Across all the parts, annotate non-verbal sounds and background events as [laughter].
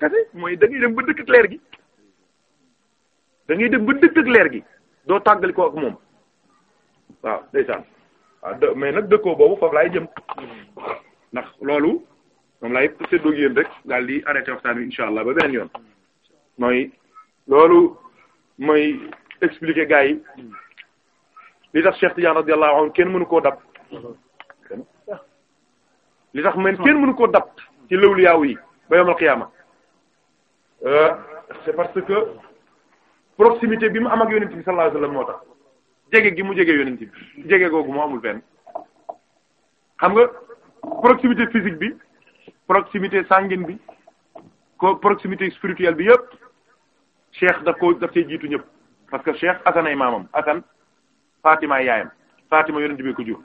tout à fait mooy dangay ngay dem ba dëkk ak leer gi da ngay dem ba dëkk ak leer gi doo tàggali ko ak moom waaw ndeysaan waaw ah, mais nag dëkkoo boobu foofu laay jëm ndax loolu moom laay séddoo ak rek daal di arrêté waxtaan bi incha allah ba beneen yoon mooy loolu mooy expliquer gars yi li tax Cheikh Tidiane radiyallahu anhu kenn mënu koo dab li tax man kenn mënu koo dab ci lawliyaaw yi ba yomal qiyaama Euh, c'est parce que proximité bi mu am ak yonent bi sallallahu alayhi moo tax jege gi mu jege yonent bi jege googu mu amul benn xam nga proximité physique bi proximité sanguine bi ko proximité spirituelle bi yëpp cheikh daf ko daf cee jiitu ñëpp parce que cheikh asanay maamam asan Fatima yaayam Fatima yonent bi ko jur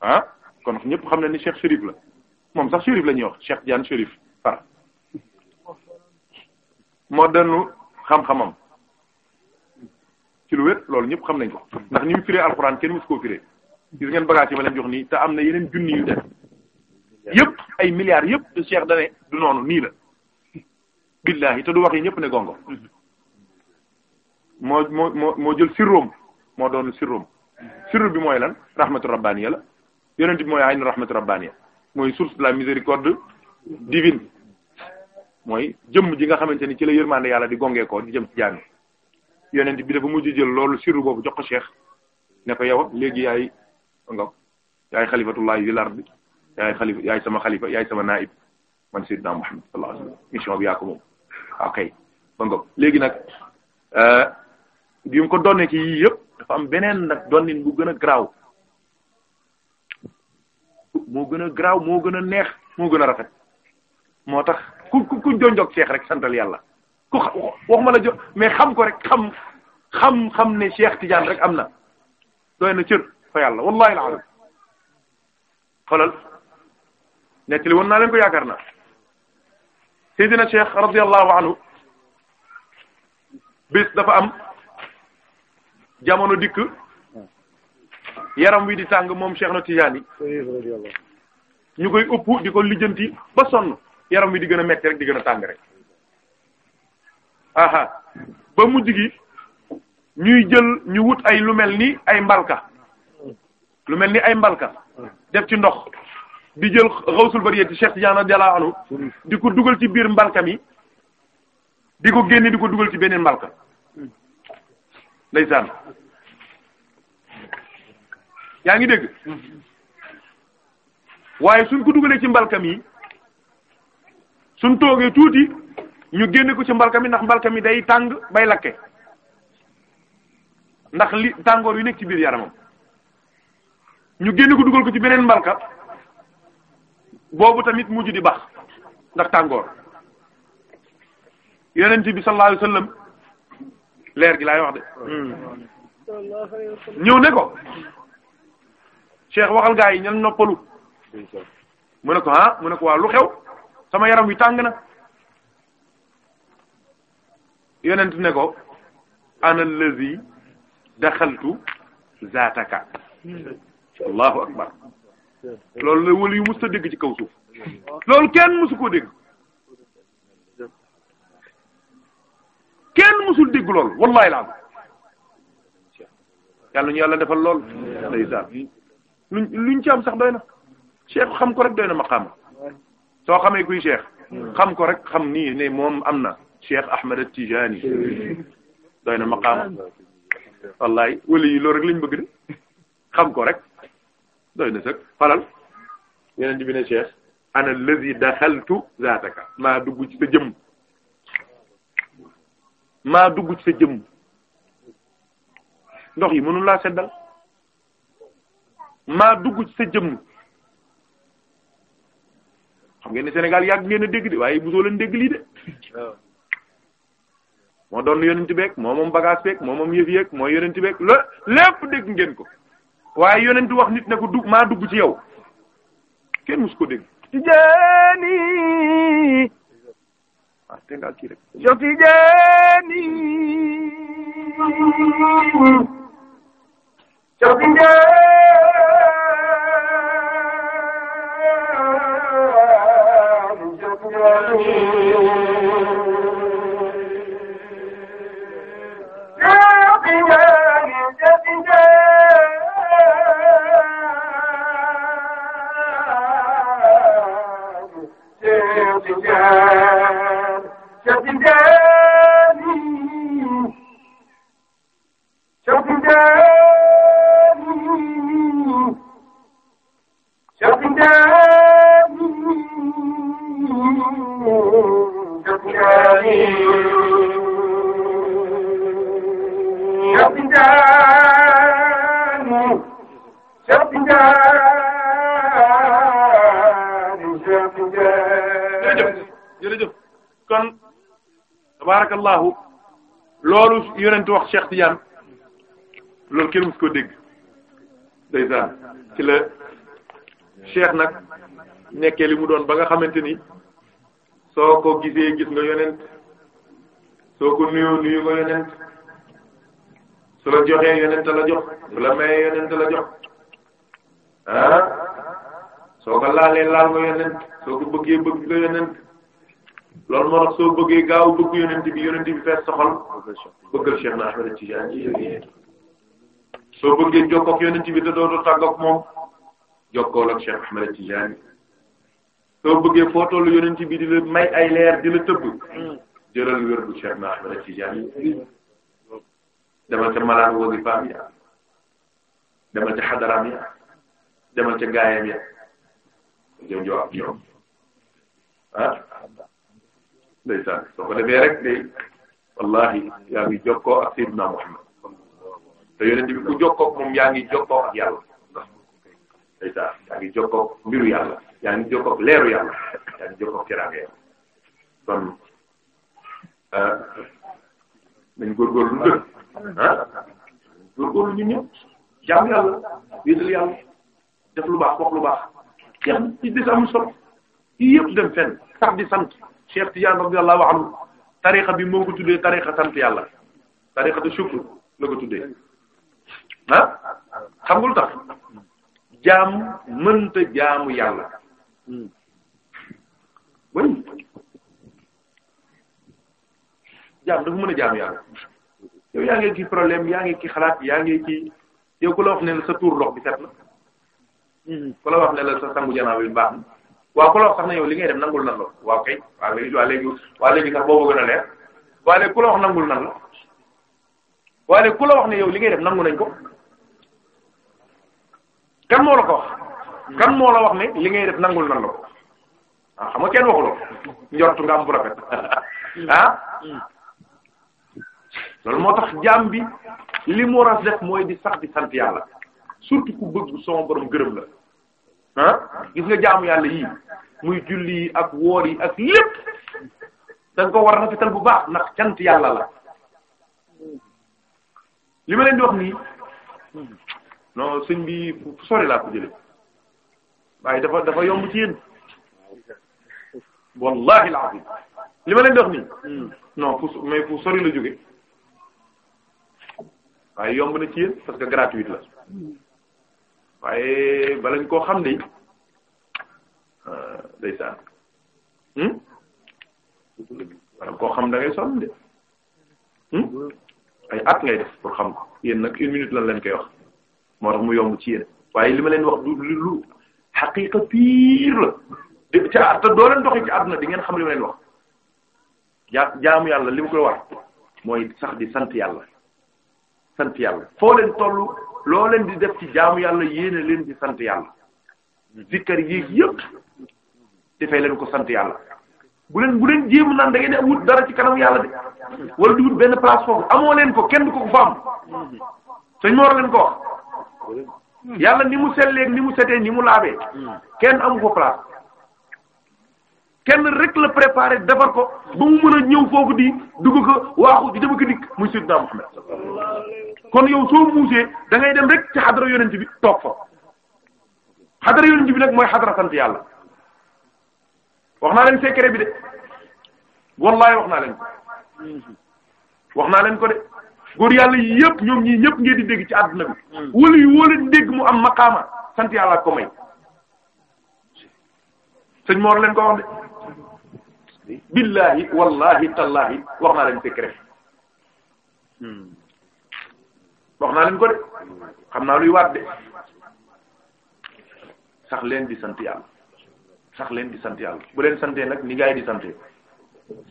ah kon ñëpp xam na ni cheikh shérif la moom sax shérif la ñuy wax cheikh Diagne shérif moo dënnu xam-xamam ci lu wér loolu ñëpp xam nañ ko ndax ni mu firee alxuraan kenn mus koo firee gis ngeen bagage yi ma leen jox nii te am na yeneen junni yu def yëpp ay milliards yëpp cheikh dane du noonu nii la billahi te du wax yi ñëpp ne gongo moo moo moo moo jël sirroom moo doon sirroom sirru bi mooy lan rahmatu rabbaniya la yonent bi mooy aynu rahmatu rabbaniya mooy source la miséricorde divine mooy jëmm ji nga xamante ni ci la yërmande yàlla di gongee ko di jëm si jaami yonent bi dafa mujj jël loolu sirru boobu jox ko cheikh ne ko yow léegi yaay nga yaay xalifatullahi fil ard yaay xalifa yaay sama xalifa yaay sama naib man sayyidina Muhammad sallallahu alayhi wasallam mission bi yaa ko moom ok ba nga léegi nag euh, bi mu ko donnee ci yii yëpp dafa am beneen nag donnin bu gën a garaaw moo gën a garaaw moo gën a neex moo gën a rafet moo tax ku ku ku jonjoog cheikh rek santal yàlla ku waxuma la jo mais xam ko rek xam xam xam ne cheikh Tidiane rek am na doy na cër fa yàlla wallahi alazim xolal nettali woon naa leen ko yaakaar naa Seydina Cheikh radiyallahu anhu bis dafa am jamono dikk yaram wi di tàng moom Cheikh na Tidiane ñu koy ëpp di ko lijjanti ba sonn yaram wi di gën a metti rek di gën a tàng rek aha ba mujj gi ñuy jël ñu wut ay lu mel ni ay mbalka lu mel ni ay mbalka def ci ndox di jël xawsul bariyati Cheikh Tidiane radiyallahu anhu di ko dugal ci biir mbalka mi di ko génne di ko dugal ci beneen mbalka ndeysaan yaa ngi dégg mm-hmm. waaye suñ ko dugalee ci mbalka mi suñ toogee tuuti ñu génne ko ci mbalka mi ndax mbalka mi day tàng bay lakke ndax li tàngoor yu nekk ci biir yaramam ñu génne ko dugal ko ci beneen mbalka boobu tamit mujj di baax ndax tàngoor yonent bi sallallahu alayhi wasallam leer gi laay wax de ñëw ne ko Cheikh waxal gaa yi ñan noppalu mu ne ko ah mu ne ko waa lu xew sama yaram wi tàng na yonent ne ko ana allazi daxaltu zaataka allahu akbar loolu la wëlu yu mës ta dégg ci kaw suuf loolu kenn mësu koo dégg kenn mësul dégg loolu wallahi la am yàlla ñu yàlla defal lool ndeysaan luñ ci am sax doy na cheikh xam ko rek doy na maqaama soo xamee kuy cheikh xam ko rek xam nii ne moom am na cheikh Ahmed Tijani doy na maqaama wallaay wala yi loolu xam ko rek doy na sax falal yeneen bi ne cheikh ana allazi daxaltu zaataka maa dugg ci sa jëmm maa dugg ci sa ndox yi mënul laa seddal maa dugg ci xam ngeen ne Sénégal yàgg ngeen a dégg de waaye mosoo leen de moo doon yonent beeg moo moom bagage beeg moo moom yëf yeeg mooy yonent beeg la lépp dégg ngeen ko waaye yonent wax nit ne ko dugg maa dugg ci yow kenn mosu ko dégg. Tijaani. ah te ngaa kii rek. Jo Tijaani. Jo Cheikh Tidiane loolu kenn mus koo dégg ndeysaan ci la Cheikh nag nekkee li mu doon ba nga xamante ni soo ko gisee gis nga yonent soo ko nuyoo nuyu nga yonent su la joxee yonent la jox su la mayee yonent la jox ah soo ko laalee laal nga yonent soo ko bëggee bëgg nga yonent loolu moo soo bëggee gaaw bëgg yonent bi yonent bi fees sa xol bëggal Cheikh na Ahmed Tidiane soo bëggee jokkoo ak yonent bi te dootoo tàggoog moom jokkool ak Cheikh Ahmed Tidiane soo bëggee foo tollu yonent bi di la may ay leer di la tëbb jëlal wér bu Cheikh na Ahmed Tidiane demal ca malaan wazifaam ya demal ca xadaraam demal ca gaayam ya jënjoo ak ñoom ndeysaan soo ko defee rek de wallahi yaa ngi jokkoo ak Seydina Muhammad te yonent bi ku jokkoo ak moom yaa ngi jokkoo ak yàlla ndeysaan yaa ngi jokkoo mbiru yàlla yaa ngi jokkoo ak leeru yàlla yaa ngi jokkoo ak teraanga yàlla kon ah, nañ góorgóorlu lu gën ah góorgóorlu ñu ñëpp jàmm yàlla wéetal yàlla def lu baax wax lu baax jeex ci des am solo Cheikh Tidiane radiyallahu anhu tariqa bi moo ko tuddee tariqa sant yàlla tariqatu shukr la ko tuddee ah xam nga lu tax jaam mënta jaamu yàlla oui jaam dafa mën a jaamu yàlla yow yaa ngi ci problème yaa ngi ci yaa ngi ci ku la wax ne sa tuur ndox bi set ku la wax ne sa sangu bi baax waaw ku la wax sax na yow li ngay dem nangul nan la waaw kay waaw léegi waaw léegi waaw léegi sax boo na leer waaw léegi ku la wax nangul nan la waaw léegi ku la wax ne yow li ngay dem nangu nañ ko kan moo la ko wax kan moo la wax ne li ngay def nangul nan la ko ah xam nga kenn waxuloo njortu nga am bu rafet [laughs] ah loolu moo tax jaam bi li mu war def mooy di sax di sant yàlla surtout ku bëgg son borom gërëm la ah gis nga jaamu yàlla yii muy julli yi ak woor yi ak lépp da ko war a rafetal bu baax ndax cant yàlla la li ma leen di wax nii non sëñ bi sori laa ko jële waaye dafa dafa yomb ci yéen wallahi alazim li ma leen di wax nii non fu mais fu sori la jóge waaye yomb na ci yéen parce que gratuite la waaye balañ koo xam ne euh, day saan hmm? balañ koo xam da ngay sonn de hmm? at ngay def pour xam ko yéen nag une minute lan leen koy wax moo tax mu yomb ci yéen waaye li ma leen wax du lu xaqiqa piir la doo leen doxee ci àdduna di ngeen xam li ma leen wax ja jaamu yàlla li mu koy war mooy sax di sant yàlla sant yàlla foo leen tollu loo leen di def ci jaamu yàlla yéene leen di sant yàlla zikkar yi yëpp defee leen ko sant yàlla bu leen bu leen jéem naan da di wut dara ci kanam yàlla de wala di benn place foofu amoo leen ko kenn du ko fa am sëñ leen ko yàlla ni mu sellee ni mu setee ni mu laabee kenn amu ko place kenn rek la préparé defar ko ba mu mën a ñëw foofu di dugg ko waaxu di dem ak dikk muy Seydina Muhammad kon yow soo muusee da ngay dem rek ci xadara yonent bi toog xadara yonent bi nag mooy xadara sant wax naa leen secret bi de wallahi wax naa leen ko wax naa leen ko de góor yàlla ñoom ñii ñëpp ngeen di dégg ci àdduna bi mm. wala mu am maqaama sant yàlla ko may sëñ wallahi tallahi wax naa leen secret mm. wax naa leen ko de xam naa luy waat de sax leen di sant yàlla sax leen di sant yàlla bu leen santee nag ni gaay di sante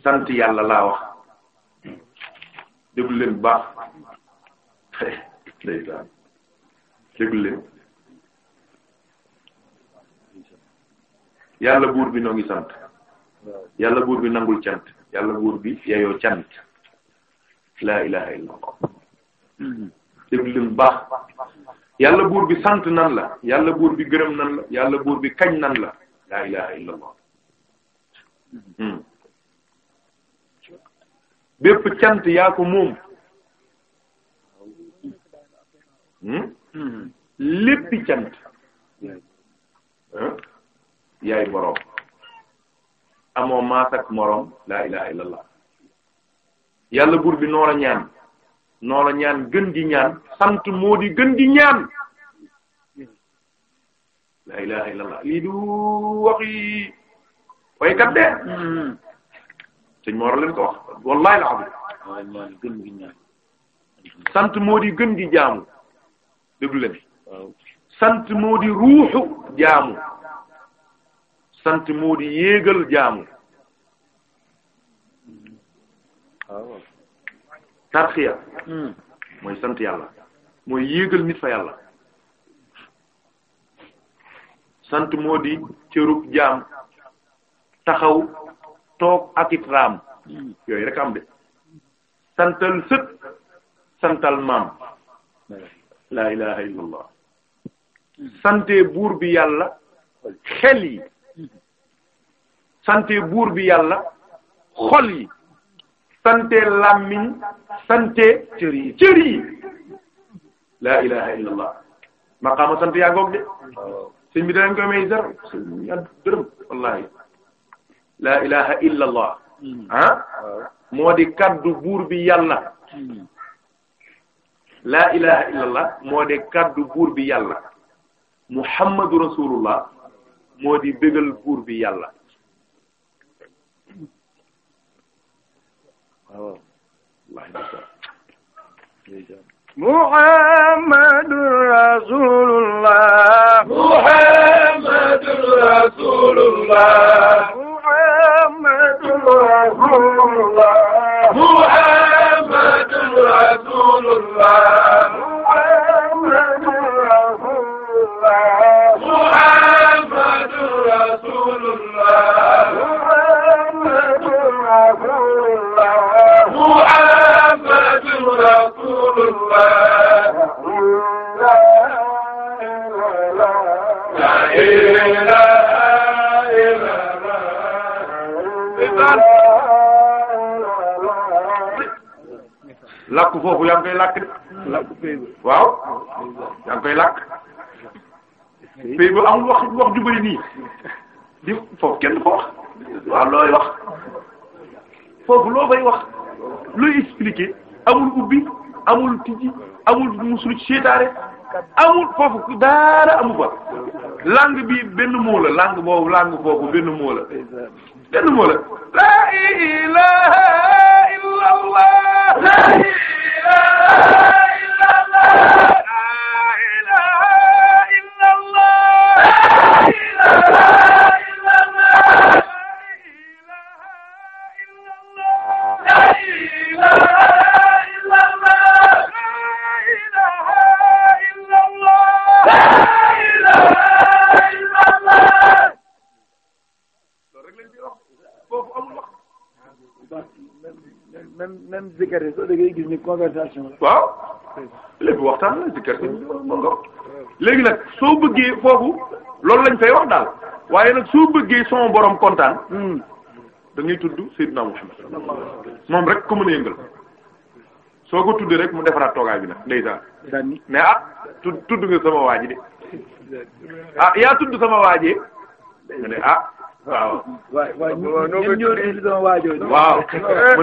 sant yàlla laa wax déglu leen bu baax ndeysaan leen yàlla buur bi noo ngi sant yàlla buur bi nangul cant yàlla buur bi yeyoo cant laa ilaha illa déglu baax yàlla buur bi sant nan la yàlla buur bi gërëm nan la yàlla buur bi kañ nan la laa ilaha illallah hmm. bépp cant yaa ko moom hmm? léppi cant hmm? yaay boroom amoo maas ak moroom laa ilaha illallah yàlla buur bi noor ñaan noo ñaan gën di ñaan sant moo di gën di ñaan la ilaha illallah lii du wax yi waykat de sëñ Mor leen wax wallahi alhamdulilah gën di ñaan sant moo gën di jaamu déglu leen sant moo di ruuxu jaamu sant moo di jaamu tarxiya hmm. mooy sant yàlla mooy yéegal nit fa yàlla sant moo di cërub jaam taxaw toog ak it raam hmm. yooyu rek am de santal sët santal maam la ilaha illallah sante buur bi yàlla xel yi hmm. sante buur bi yàlla xol yi sante làmmiñ sante cër yi la ilaha illa allah maqaama sant yaa goog de sëñ bi danañ koy may zar sëñ ad wallahi la ilaha illa allah ah moo kaddu buur bi yàlla la ilaha illa allah moo kaddu buur bi yàlla muhammadu rasulullah moo di buur bi yàlla waaw muhammadur rasulullah muhammadur rasulullah muhammadur rasulullah muhammadur rasulullah làkk foofu yaa ngi koy làkk de. waaw. yaa ngi koy làkk. pays amul wax wax ju bëri nii di foofu kenn du ko wax waaw looy wax foofu loo bay expliquer amul ubbi amul tijji amul musul seetaare amul foofu daara amu fa langue bi benn moo la langue boobu langue boobu benn moo la benn moo la la ilaha الله لا إله même même zikar yi soo déggee gis ni conversation la. waaw léegi waxtaan la zikar bi mën nga léegi nag soo bëggee foofu loolu lañ fay wax daal waaye nag soo bëggee son borom kontaan. Hmm. da tudd Seydina Muhammad moom rek ko mën a yëngal soo ko tuddee rek mu defaraat toogaay bi nag ndeysaan. mais ah tudd tudd nga sama waa de ah yaa tudd sama waa ji ah. waaw waaw waaw [laughs] mu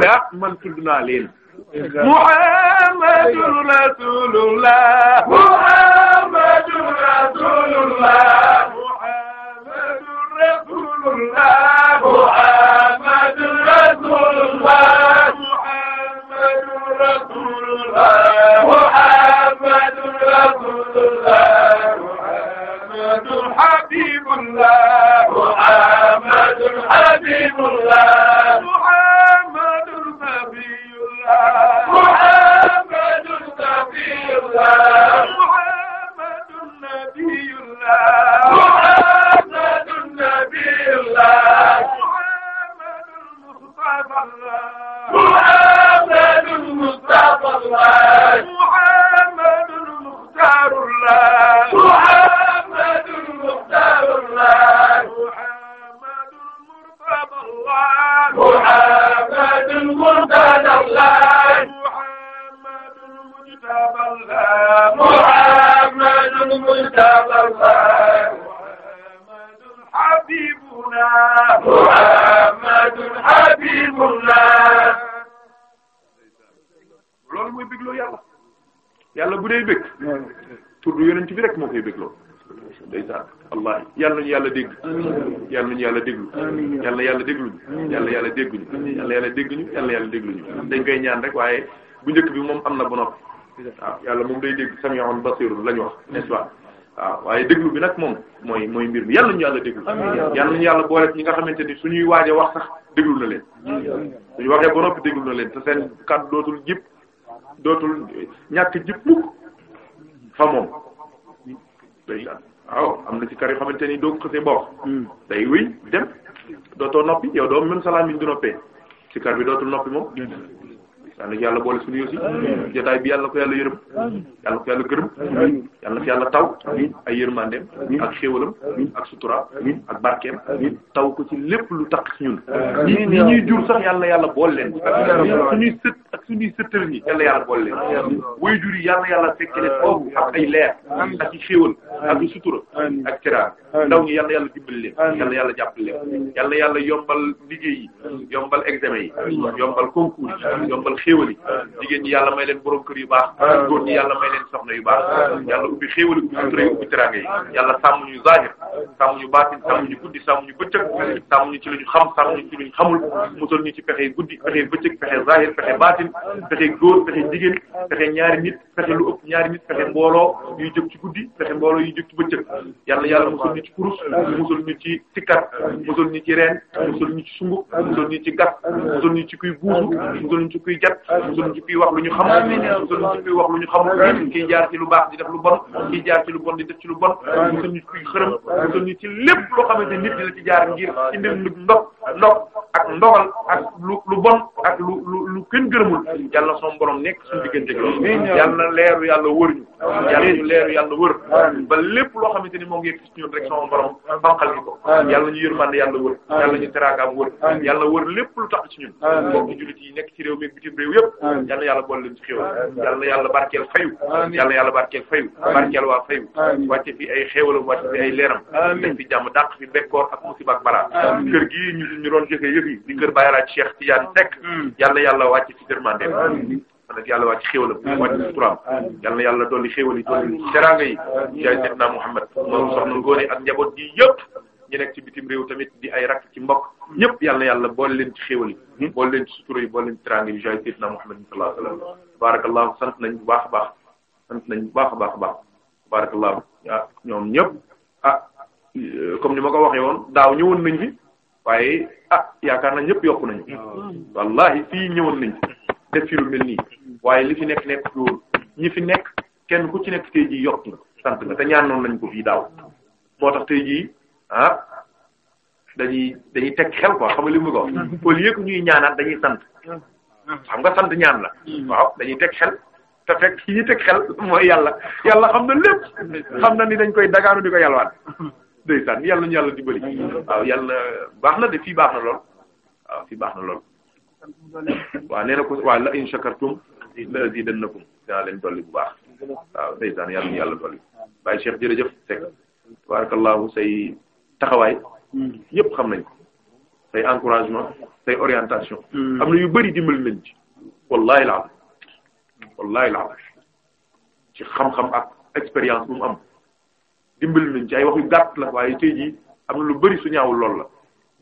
ne ah man tudd naa leen Muhammadur Rasulullah Muhammadur Rasulullah Muhammadur Rasulullah Muhammadur Rasulullah Muhammadur Rasulullah محمد حبيب الله محمد حبيب الله محمد نبي الله محمد نبي الله bi rek moo koy bégloo ndeysaan wallahi yàlla nañu yàlla dégg yàlla nañu yàlla déglu yàlla yàlla dégluñu yàlla yàlla dégguñu yàlla yàlla dégguñu yàlla yàlla dañ koy ñaan rek waaye bu njëkk bi moom am na bu yàlla moom day dégg sami'un basirun la ñu wax n'est-ce waaye déglu bi nag moom mooy mooy mbir mi yàlla ñu yàlla déglu yàlla ñu yàlla boole ñi nga xamante ni suñuy waaj a wax sax déglu na leen suñu waxee ba noppi déglu na leen te seen kàddu dootul jip dootul ñàkk jip mukk fa moom day waaw am na ci kar yoo xamante ni doo ko xasee ba wax hmm. day wéy dem dootoo noppi yow doo même salaam yi du noppee ci kar bi dootul noppi moom hmm. yàlla na yàlla boole suñu aussi hmm. jotaay bi yàlla na ko yàlla yërëm yàlla ko yàlla gërëm yàlla na ko yàlla taw ay yërmandeem ak xéewalam ak sutura ak barkeem taw ko ci lépp lu tax ci ñun ñi ñuy jur sax yàlla yàlla boole leen suñuy sët ak suñuy sëtër yi yàlla yàlla boole leen way jur yi yàlla yàlla fekke leen foofu ak ay leer ak i xéewal ak i sutura ak cira ndaw ñi yàlla yàlla dimbali leen yàlla yàlla jàppale yàlla yàlla yombal liggéey yi yombal examen yi yombal concours yi yombal xéewal yi jigéen yàlla may leen borom kër yu baax góor ñi yàlla may leen soxna yu baax yàlla ubbi xéewal yi ubbi sutura yi ubbi teraanga yi yàlla sàmm yu zahir sàmm ñu baatin sàmm ñu guddi sàmm ñu bëccëg sàmm ñu ci lu ñu xam sàmm ñu ci ñu xamul musal ñu ci pexe guddi pexe bëccëg pexe zahir pexe baatin pexe góor pexe jigéen pexe ñaari nit fexe lu ëpp ñaari nit fexe mbooloo yuy jóg ci guddi fexe mbooloo yuy jóg ci bëccëg yàlla yàlla musul ñu ci kurus musul ñu ci sikkat musul ñu ci reen musul ñu ci sungub musul ñu ci gat musul ñu ci kuy buusu musul ñu ci kuy jat musul ñu ci kuy wax lu ñu xam musul ñu ci kuy wax lu ñu lu baax di def lu bon kiy jaar ci lu bon di def ci lu bon musul ñu ci kuy xërëm musul ñu ci lépp loo xamante nit dina ci jaar ngir ci mbir ndox ndox ak ndogal ak lu lu bon ak lu lu lu kenn gërëmul yàlla son borom nekk suñu diggante yàlla na leeru yàlla wër ñu yàlla ñu leeru yàlla wër ba lépp loo xamante ni moo ngi yegg ci ñun rek sama borom banqal ñu ko yàlla ñu yërmande yàlla wër yàlla ñu teraagaam wër yàlla wër lépp lu tax ci ñun bokk jullit yi nekk ci réew mi bitim réew yëpp yàlla yàlla boole leen ci xéewal yàlla yàlla barkeel fayu yàlla yàlla barkeel fayu barkeel waa fayu wàcce fi ay xéewalam wàcce fi ay leeram def fi jàmm dàq fi bekkoor ak musiba ak balaa kër gi ñu ñu doon jëfee yàlla yàlla wàcce nag yàlla wàcc xéwalam wàcc suturaam yal na yàlla dolli xéwal yi dolli teraanga yi jaay Seydina Muhammad moom soxna Ngoone ak njaboot gi yëpp ñu nekk ci bitim réew tamit di ay rakk ci mbokk ñëpp yal na yàlla boole leen ci xéwal yi hmm? boole leen ci sutura yi boole leen ci teraanga yi jaay Seydina Muhammad sallallahu alayhi wa sallam tabarakallahu sant nañ bu baax a baax sant nañ bu baax a baax a baax tabarakallahu ah ñoom ñëpp ah comme ni ma ko waxee woon daaw ñëwoon nañ fi waaye ah yaakaar na ñëpp yokku nañu hmm. wallahi fii ñëwoon nañ def fi lu mel nii waaye li fi nekk nekk loolu ñi fi nekk kenn ku ci nekk tey jii yokk nga sant nga te ñaan noonu nañ ko fii daaw moo tax tey jii ah, dañuy dañuy teg xel quoi xam li mu ko mm-hmm. au lieu que ñuy ñaanaat dañuy sant mm-hmm. xam nga sant ñaan la mm-hmm. waaw dañuy teg xel te fekk ci ñi teg xel mooy yàlla yàlla xam na lépp xam na ni dañ koy dagaanu di ko yàlla ñu yàlla dimbali waaw yàlla baax na de fii baax na lool waaw fii baax na lool waaw nee ko waaw la in shakartum si la asi dan nakum dinaa leen dolli bu baax waaw ndeysaan yàlla yàlla dolli bàyyi Cheikh jërëjëf Seck tabarakallahu say taxawaay yëpp xam nañ ko say encouragement say orientation hmm. am na yu bëri dimbali nañ ci wallahi laal wallahi laal ci xam-xam ak expérience bu mu am dimbali nañ ci ay wax yu gàtt la waaye tey jii am na lu bëri su ñaawul lool la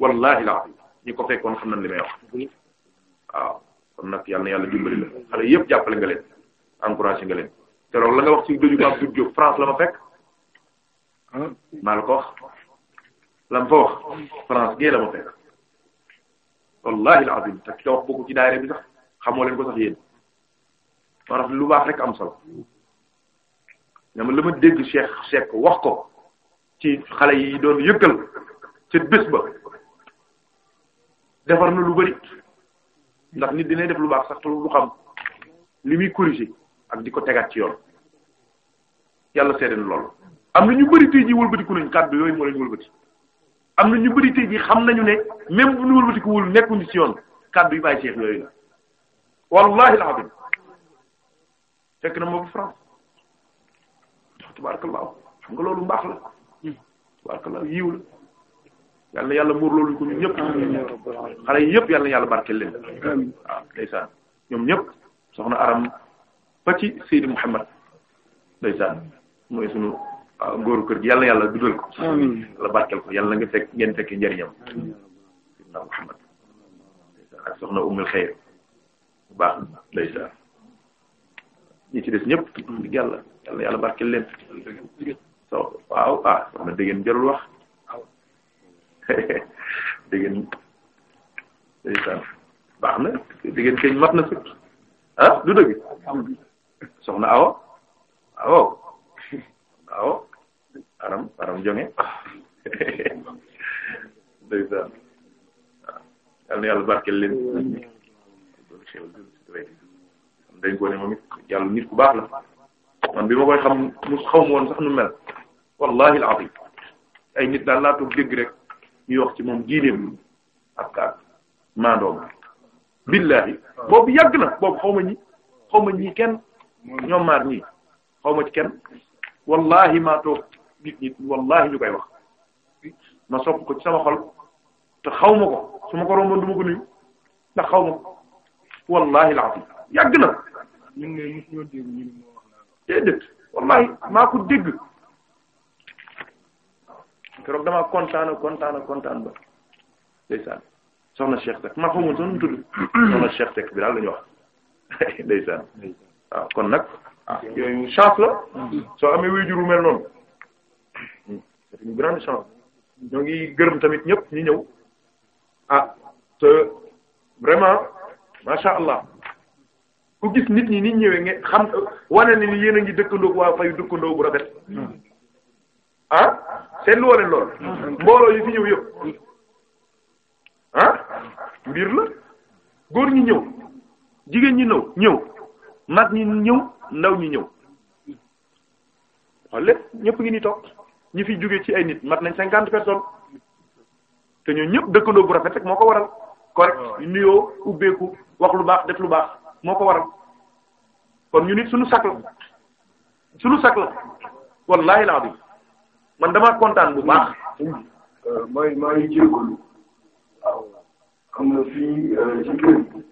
wallahi laal ñi ko fekkoon xam nañ li waaw kon nag yàlla na yàlla dimbali la xale yëpp jàppale nga leen encouragé nga leen te loolu la nga wax ci dëju ba Abdou Diop France la ma fekk maa la ko wax la ma fa wax France gée la ma fekk wallahi alazim te ki nga wax bokku ci daayira bi sax xamoo leen ko sax yéen maa tax lu baax rek am solo nga ma la ma dégg Cheikh Cheikh wax ko ci xale yi doon yëkkal ca bés ba defar na lu bari ndax nit dina def lu baax sax te lu xam li muy ak di ko tegaat ci yoon yàlla seede na am na ñu bari tey jii wëlbatiku nañ kàddu yooyu moo leen am na ñu bëri tey jii xam nañu ne même bu ñu wëlbatiku wul nekkuñu ci yoon kàddu yi bàyyi seex yooyu la wallahi alazim fekk na moom France tabaarakallah xam nga loolu mbaax la hmm. tabaarakallah yiw la. yàlla yàlla muur loolu ko ñun ñëpp xale yi yëpp yàlla yàlla barkeel leen waaw ndeysaan ñoom ñëpp soxna aram ba Seydi Mouhamad ndeysaan mooy sunu ah, góoru kër gi yàlla yàlla dugal ko yàlla barkeel yàlla nga fekk ngeen fekkee njëriñam Seydina ak soxna umul xeyr bu baax ndeysaan ñi ci des ñëpp yàlla yàlla yàlla barkeel leen so waaw ah soxna dégg jarul wax [laughs] diggéen ndeysaan baax na diggéen kañ mat na sëkk ah du dëgg soxna awo awo awo aram aram jonge [laughs] ndeysaan waaw yal na yàlla leen dañ ko ne moom it yàlla nit ku baax la man bi ma koy xam mu xaw woon sax nu mel wallahi al ay nit daal laa toog dégg rek ñuy wax ci moom diineem ak ak maandoom billahi boobu yàgg na boobu xaw ma ñi xaw ma ñii kenn ñoom maar ñii xaw ma ci kenn wallahi maa toog nit ñi wallahi ñu koy wax ma sopp ko ci sama xol te xawma ko su ma ko romboon du ko nuyu ndax xaw ma ko wallahi laati na ñun ne wallahi maa ko dégg keroog damaa kontaan kontaan kontaan ba ndeysaan soxna Cheikh Seck maa xamul sax nu tudd [clears throat] soxna Cheikh Seck bi daal la ñu wax [laughs] ndeysaan waaw kon nag ah. ah yooyu chance la soo amee waajur wu noonu hmm. c'est une chance ñoo ngi gërëm tamit ñëpp ñu ñëw ah te vraiment macha allah ku gis nit ñi ni ñëwee nga xam wane ni yéen a ngi dëkkandoo waa fayu dëkkandoo bu rafet hmm. ah. seen lu leen lool mbooloo yi fi ñëw yëpp ah mbir la góor ñi ñëw jigéen ñi ñëw ñëw mag ñi ñëw ndaw ñi ñëw waaw ñëpp ngi ni toog ñi fi jóge ci ay nit mat nañ cinquante personnes te ñoo ñëpp dëkkandoo bu rafet rek moo ko waral correct ah. nuyoo ubbeeku wax lu baax def moo ko waral kon ñu nit suñu sakk la suñu sakk la wallaahi laa man damaa kontaan bu baax. mooy mooy jégalu. waaw xam nga fii ci kër gi.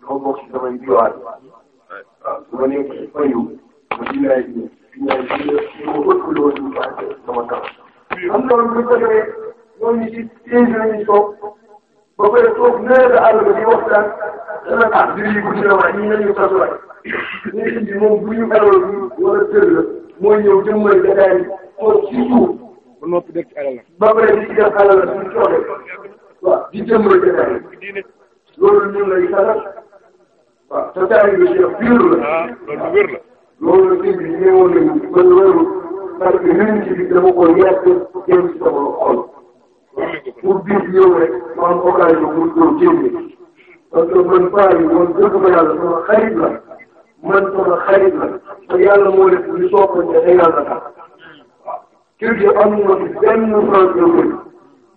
dafa bokk ci samay diwaan. waaw su ma nee fayu. ma ji laay ji laay ji la ma ëpp loolu ñu baaxee sama kaw. am loolu bu ñu ko defee ñooñu ci tey jii lañuy toog. ba pare toog nee na àll ba di waxtaan. dana tax biir yi bu ñu la wax ñu nañu sasuwaay. ñun indi moom bu ñu meloon wala tër la. mooy ñëw jëmmale jotaay bi. surtout. ba noppi def ci alal la. ba pare di ci def alal la suñu coono. waaw di jëm la jotaay. loolu ñun lay saral. waaw te taay bi jeex biir la. ah loolu wér la. loolu la bi ñëwoon nañu ba loolu. parce que ñun ci bi dama ko yàgg jëm ci sama xol. pour biir ñëw rek ma am occasion pour ñëw jéem parce que man paa yi man dëgg ba yàlla sama xarit la man sama xarit la te yàlla moo def lu soppante te yàlla tax kër gi am na benn franc la bëri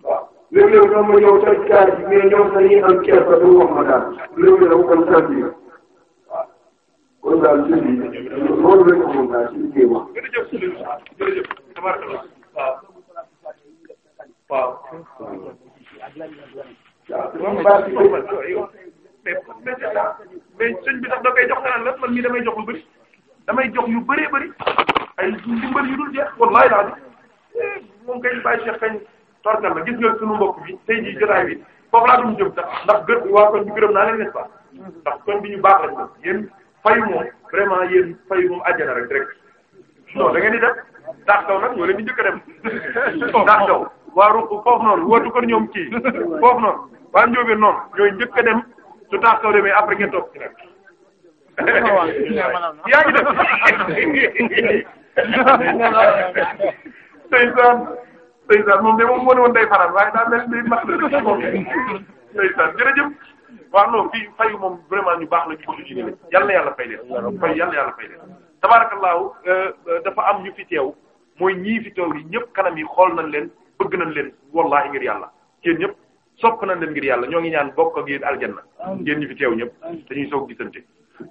waaw léeg-léeg ñoom ma ñëw sa caaj mais ñoom dañuy am kees ba du wax ma daal léeg-léeg dafa am sant yi waaw kon daal ci lii loolu lañ ko mën daal ci liggéey wax. jërëjëf jërëjëf tabaarkalla waaw waaw. waaw baax ci kaw mais mais sëñ bi sax da koy jox kanam la man mii damay jox lu bëri damay jox yu bëree bëri ay ndimbal yu dul jeex wallaay laa moom kay bàyyi Cheikh kañ torkal la gis nga sunu mbokk bi tey jii jotaay bi foofu laa dum jëm sax ndax gër waa kon bi gërëm naa leen n'est-ce pas ndax kon bi ñu baax lañ ko yéen fayu moom vraiment yéen fayu moom àjjana rek direct non da ngeen def daax daw nag ñoo leen di njëkk a dem daax daw a dem su daax demee après ngeen ci nag yaa ngi def [laughs] [laughs] ndeysaan ndeysaan moom de moom moo ne woon day faral waaye daa mel ni ma dëgg moom ndeysaan jërëjëf waaw non fii fayu moom vraiment ñu baax la ci suñu jigéen yal na yàlla fay leen fay yal na yàlla fay leen tabaarakallaahu euh, euh, dafa am ñu fi teew mooy ñii fi teew yi ñëpp kanam yi xool nañ leen bëgg nañ leen wallaahi ngir yàlla yéen ñëpp sopp nañ leen ngir yàlla ñoo ngi ñaan bokk ak yéen aljanna yéen ñu fi teew ñëpp dañuy soog gisante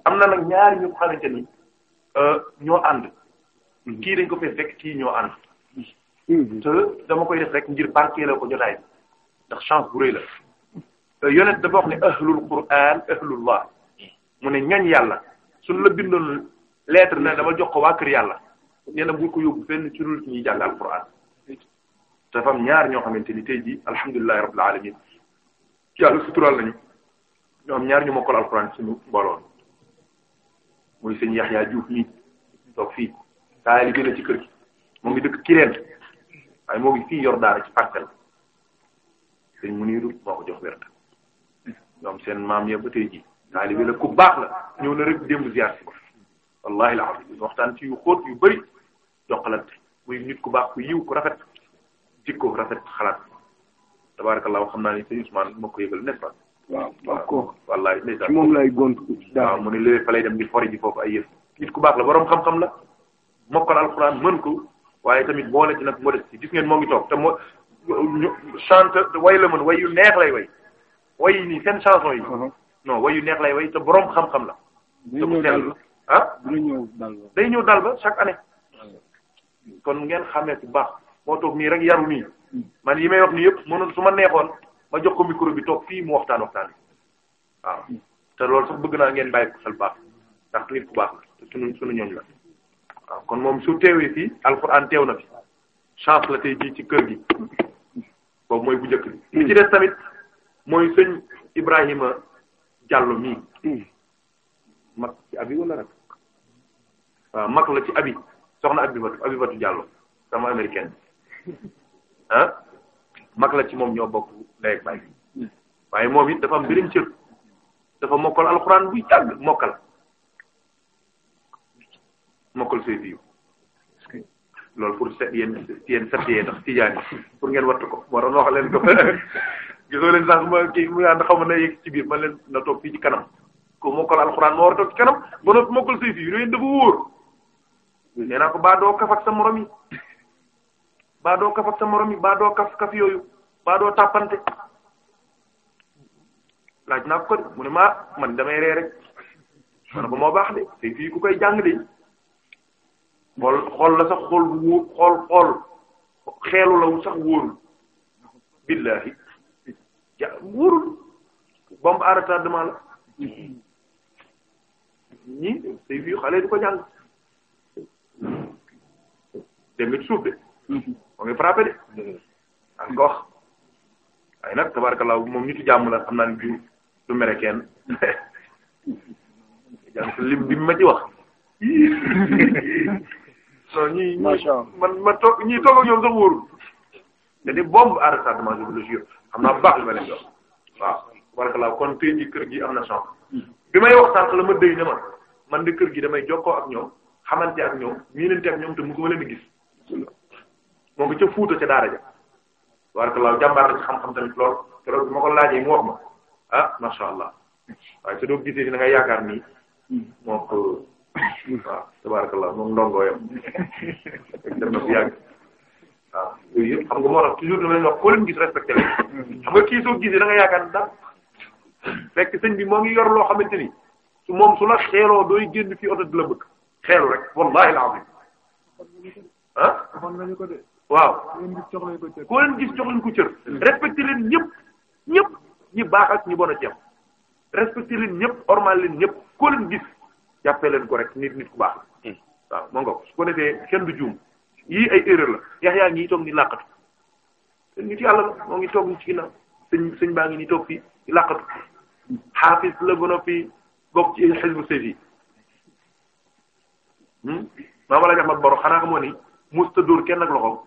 am na nag ñaari ñu xamante ni euh, ñoo ànd mm-hmm. kii dañ ko fee fekk kii ñoo ànd Mm-hmm. te dama koy def rek ngir barkeela ko jotaay bi ndax chance bu rëy la euh, yonent dafa wax ne ahlul quran ahlullah mu ne ñañ yàlla suñ la bindoon lettre na dama jox ko waa kër yàlla nee bu ko yóbbu fenn ci lu ñuy jàng alquran dafa am ñaar ñoo xamante ni tey jii alhamdulillahi rabbil alamin yàlla suturaal nañu ñoo am ñaar ñu mokkal alquran suñu mbooloon muy sëñ Yaxya Juuf nii toog fii taalibe la ci kër gi mu ngi dëkk Kireen waaye moo ngi fii yor daara ci parcelle sëñ Muniru moo ko jox wér ñoom seen maam ya ba tey ji taalibe la ku baax la ñëw na rek démb ziar si wallahi la waxtaan ci yu yu bëri jokkalante muy ku baax ku yiw ku rafet jikko rafet xalaat tabarakallah xam naa ni sëñ Ousmane moo ko yëgal nest waaw moom lay gont mu ne léegi fa lay dem di fori foofu ay yëf nit ku baax la boroom xam-xam la mokkal alxuraan mën ko waaye tamit boole ci nag modestie gis ngeen moo ngi toog te mo chante way la mën way yu neex lay way way yi nii seen chanson yi uh-huh. non way neex lay way te boroom xam-xam la dëgg sell ah day ñëw dal ba chaque année kon ngeen xamee bu baax moo toog nii rek yaru nii hmm. man yi may wax nii yëpp mënoon su ma neexoon ma jox ko micro bi toog fii mu waxtaan waxtaan waaw hmm. te loolu sax bëgg naa ngeen bàyyi ko xel baax ndax nit ku baax la te sunu sunu ñooñ la waaw kon moom su teewee fii alxuraan teew na fi chance la tey jii ci kër gi boobu mooy bu njëkk bi. li ci des tamit mooy sëñ Ibrahima Diallo mii. mag ci abi wala rek waaw mag la ci abi soxna Abibatu Abibatu Diallo sama américaine ah mag la ci moom ñoo bokk ndey ak waaye moom it dafa am birim dafa mokkal alxuraan buy tàgg mokkal. mokkal say biiw loolu pour set yéen yéen set tax tijaan pour ngeen wattu ko moo tax ma leen ko [laughs] gisoo na ci biir man leen na toog fii ci kanam ko mokkal alxuraan moo war a toog kanam ba noppi mokkal say biiw yooyu ko baa doo kaf ak yi baa doo kaf ak sa morom yi kaf kaf yooyu baa laaj naa ko ko ma man damay rek man ko moo baax de te fii ku koy jàng de xool xool la sax xool xeelu la sax wóorul billahi ja wóorul bombe à retardement la ñii say xale du ko jàng demit suuf de mm-hmm. moo ngi frappé de mm-hmm. ak wax waaye nag tabarkallah moom nitu jàmm la xam naa ne du du mere kenn [laughs] lim bi wax [laughs] so ñi man man toog ñii toog ak ñoom sax wóorul dañuy bomb à xam naa baax ma leen jox waaw barakallah kon tey kër gi na chance hmm. la ma dëy ne ma man de kër gi damay jokkoo ak ñoom xamante ak ñoom miinante ak ñoom te mu ko ma leen di gis moo ko ca fuuta ca daara ja barakallah jàmbaar la ci xam-xam tamit lool te loolu ma ko laajee mu wax ma ah macha allah waaye te doo gisee ni da yaakaar nii hmm. moo waaw tabarakallah moom ndongo yam ah, yooyu yëpp xam nga toujours dama la nga kii soo gisee da nga yaakaar da fekk sëñ bi moo ngi yor loo xamante ni su moom su la xeeloo dooy génn fii oto du la bëgg rek wallahi alazim ah waaw koo gis jox leen ko cër respecté leen ñëpp ñi baax ak ñi bon a ceem respecté leen ñëpp gis jàppee ko rek nit nit ku baax la moo nga ko su ko kenn du juum yii ay erreur la yaxyaa ngi toog ni làqatu te nit yàlla la moo ngi toog ci ginnaaw sëñ sëñ baa ngi ni toog fii di làqatu xaafis la ba noppi bokk ci xisbu sëfi hmm? maam la jaxmat boro xanaa xamoo ni musta dóor kenn ak loxoom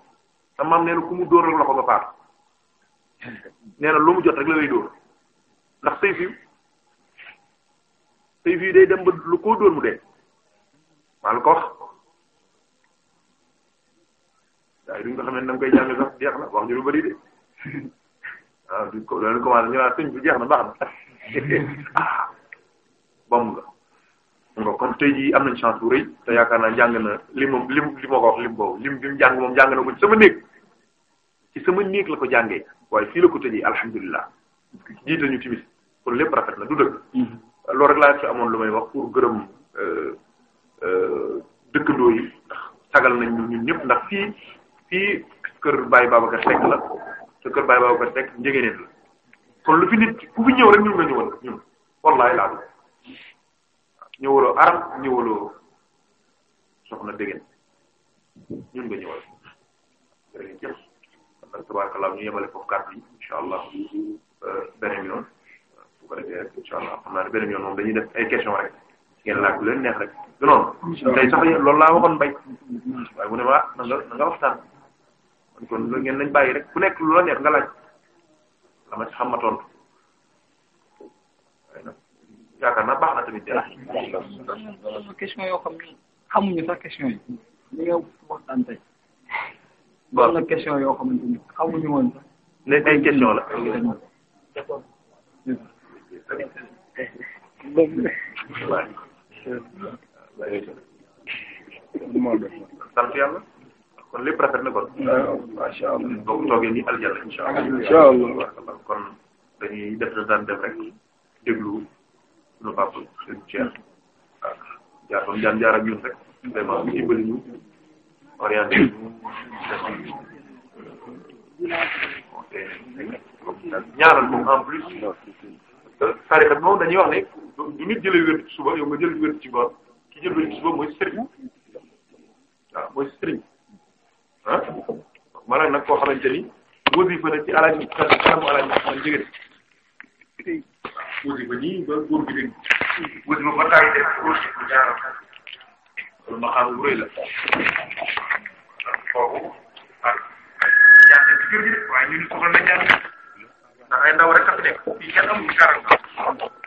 te maam nee na ku mu dóor ak [laughs] lu mu jot rek la lay ndax sëfi te fii de dem ba lu koo dóor mu dee maa la ko wax waaye duñ ko xam ne da koy jàng sax jeex na wax ñu lu bëri de waaw ah, ko jeex na baax ah, nga. nga kon tey jii am nañ chance bu rëy te yaakaar naa jàng na li moom li li ma ko wax lim boobu lim bi jàng moom jàng na ko ci sama néeg ci sama néeg la ko jàngee waaye fii la ko tëjee alhamdulilah jiite ñu timis kon lépp rafet na du dëgg. Mm-hmm. loolu rek laa ci amoon lu may wax pour gërëm euh, euh, dëkkandoo yi ndax sagal nañ ñun ñëpp ndax fii fii kër Baye Babacar Seck la te kër Baye Babacar Seck njëgeeneen la kon lu fi nit ku fi ñëw rek ñun nga ñëwal ñun wallaahi laa ñëwaloo arab ñëwaloo soxna dégg ñun nga ñëwal jërëjëf tabaarakallah ñu yemale foofu kàddu yi allah euh, beneen yoon. ko defee rek incha allah xam naa ne beneen yoon def ay question rek ngeen laaj ku leen neex rek du noonu tey sax loolu laa waxoon mbay waaye ne ma na nga na nga waxtaan man kon loolu ngeen nañ bàyyi nekk la neex nga laaj la ma ci xam ma tontu waaye nag yaakaar naa baax na yoo xam ne xamuñu question yi ñu ngi waxtaan tey. bon question yoo xamante ni xamuñu woon sax. léegi ay question la. sant yàlla kon lépp rafet na kon. macha allah boo ko toogee nii aljana incha allah. incha allah kon dañuy def na daan rek déglu nu papa seen Cheikh ak jaar ba jaan jaar ak ñun rek vraiment ñu dimbali ñu orienté ñu euh, ñaaral moom en plus. parce que tarixa bi moom dañuy wax ne. ni nit jëlee wér ci suba yow jël wér ci suba ki jël wér ci suba mooy sëriñ ah maanaam nag koo xamante ni wasifa na ci alal yi kanamu alal yi man jigéen wasifa nii ba góor gi dégg wasifa ba taay def góor gi bu jaaram loolu ma xam lu rëy la kooku ak jàng ci kër gi waaye ñun soxla